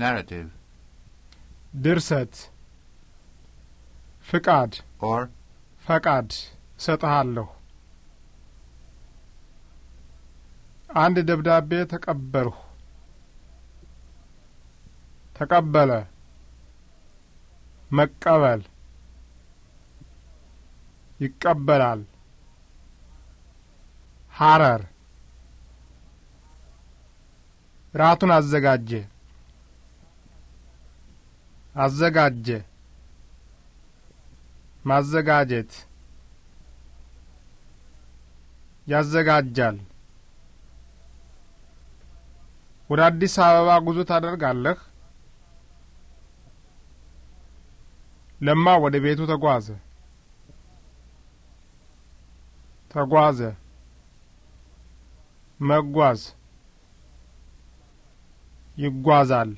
Narrative. Dirset. Fakad. Or. Fakad. Satahallo. አንድ ደብዳቤ ተቀበልሁ። ተቀበለ፣ መቀበል፣ ይቀበላል። ሐረር ራቱን አዘጋጀ። አዘጋጀ ማዘጋጀት ያዘጋጃል። ወደ አዲስ አበባ ጉዞ ታደርጋለህ? ለማ ወደ ቤቱ ተጓዘ። ተጓዘ መጓዝ ይጓዛል።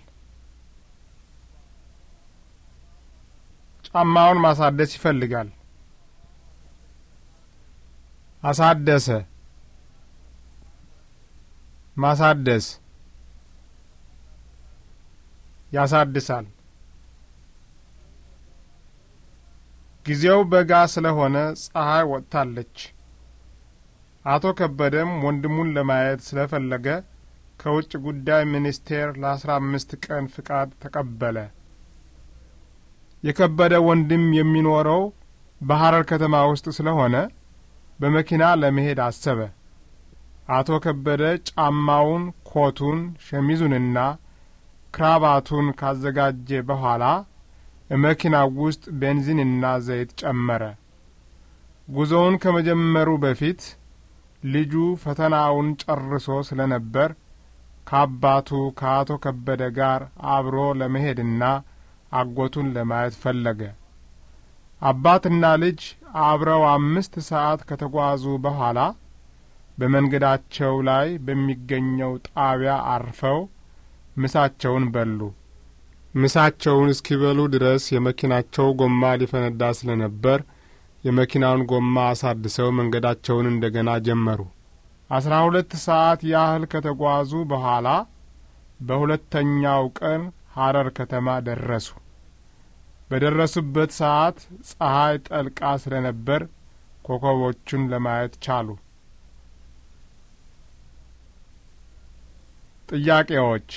ጫማውን ማሳደስ ይፈልጋል። አሳደሰ፣ ማሳደስ፣ ያሳድሳል። ጊዜው በጋ ስለሆነ ፀሐይ ወጥታለች። አቶ ከበደም ወንድሙን ለማየት ስለፈለገ ከውጭ ጉዳይ ሚኒስቴር ለአስራ አምስት ቀን ፍቃድ ተቀበለ። የከበደ ወንድም የሚኖረው በሐረር ከተማ ውስጥ ስለሆነ በመኪና ለመሄድ አሰበ። አቶ ከበደ ጫማውን፣ ኮቱን፣ ሸሚዙንና ክራባቱን ካዘጋጀ በኋላ መኪናው ውስጥ ቤንዚንና ዘይት ጨመረ። ጉዞውን ከመጀመሩ በፊት ልጁ ፈተናውን ጨርሶ ስለነበር ከአባቱ ከአቶ ከበደ ጋር አብሮ ለመሄድና አጎቱን ለማየት ፈለገ። አባትና ልጅ አብረው አምስት ሰዓት ከተጓዙ በኋላ በመንገዳቸው ላይ በሚገኘው ጣቢያ አርፈው ምሳቸውን በሉ። ምሳቸውን እስኪበሉ ድረስ የመኪናቸው ጎማ ሊፈነዳ ስለነበር የመኪናውን ጎማ አሳድሰው መንገዳቸውን እንደገና ጀመሩ። አስራ ሁለት ሰዓት ያህል ከተጓዙ በኋላ በሁለተኛው ቀን ሐረር ከተማ ደረሱ። በደረሱበት ሰዓት ፀሐይ ጠልቃ ስለ ነበር ኮከቦቹን ለማየት ቻሉ። ጥያቄዎች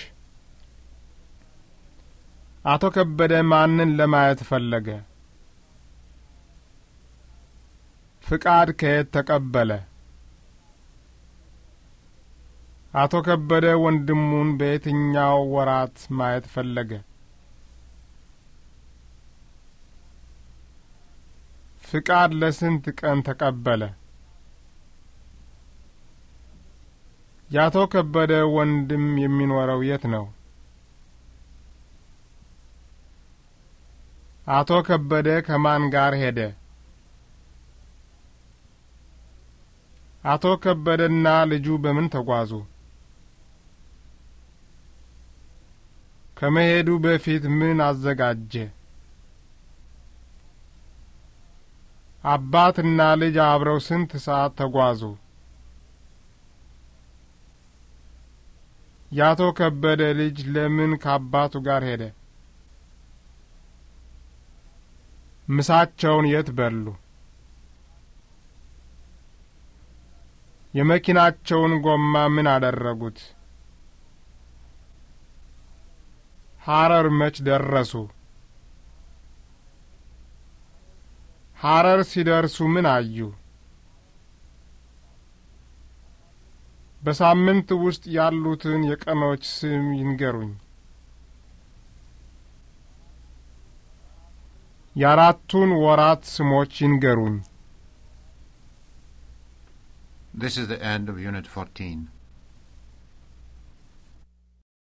አቶ ከበደ ማንን ለማየት ፈለገ? ፍቃድ ከየት ተቀበለ? አቶ ከበደ ወንድሙን በየትኛው ወራት ማየት ፈለገ? ፍቃድ ለስንት ቀን ተቀበለ? የአቶ ከበደ ወንድም የሚኖረው የት ነው? አቶ ከበደ ከማን ጋር ሄደ? አቶ ከበደና ልጁ በምን ተጓዙ? ከመሄዱ በፊት ምን አዘጋጀ? አባትና ልጅ አብረው ስንት ሰዓት ተጓዙ? የአቶ ከበደ ልጅ ለምን ከአባቱ ጋር ሄደ? ምሳቸውን የት በሉ? የመኪናቸውን ጎማ ምን አደረጉት? ሐረር መች ደረሱ? ሐረር ሲደርሱ ምን አዩ? በሳምንት ውስጥ ያሉትን የቀኖች ስም ይንገሩኝ። የአራቱን ወራት ስሞች ይንገሩኝ። This is the end of Unit 14.